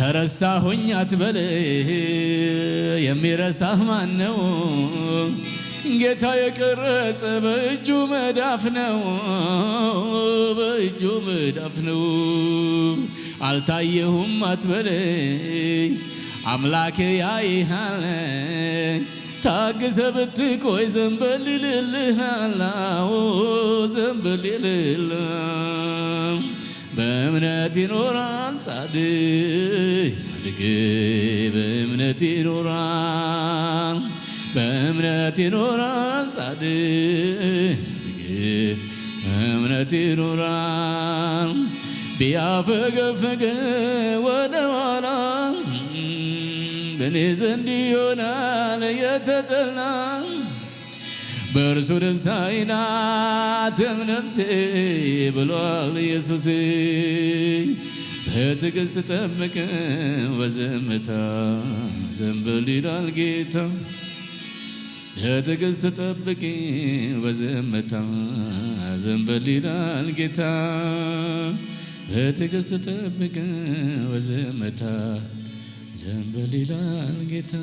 ተረሳሁኝ አትበል የሚረሳህ ማን ነው? ጌታ የቀረጸ በእጁ መዳፍ ነው በእጁ መዳፍ ነው። አልታየሁም አትበል አምላክ ያይሃል ታግሰ ብትቆይ ዘንበል ይልልሃል ዘንበል ይልልሃል በእምነት ይኖራል ጻድቅ በእምነት ይኖራል በእምነት ይኖራል ጻድቅ በእምነት ይኖራል ቢያፈገፍግ ወደ ኋላ በእኔ ዘንድ ይሆናል የተጠላ በእርሱ ደስ አይላትም ነፍሴ ብሏል ኢየሱስ። በትዕግሥት ጠብቅ በዝምታ ዘንበል ይላል ጌታ። በትዕግሥት ጠብቅ በዝምታ ዘንበል ይላል ጌታ። በትዕግሥት ጠብቅ በዝምታ ዘንበል ይላል ጌታ።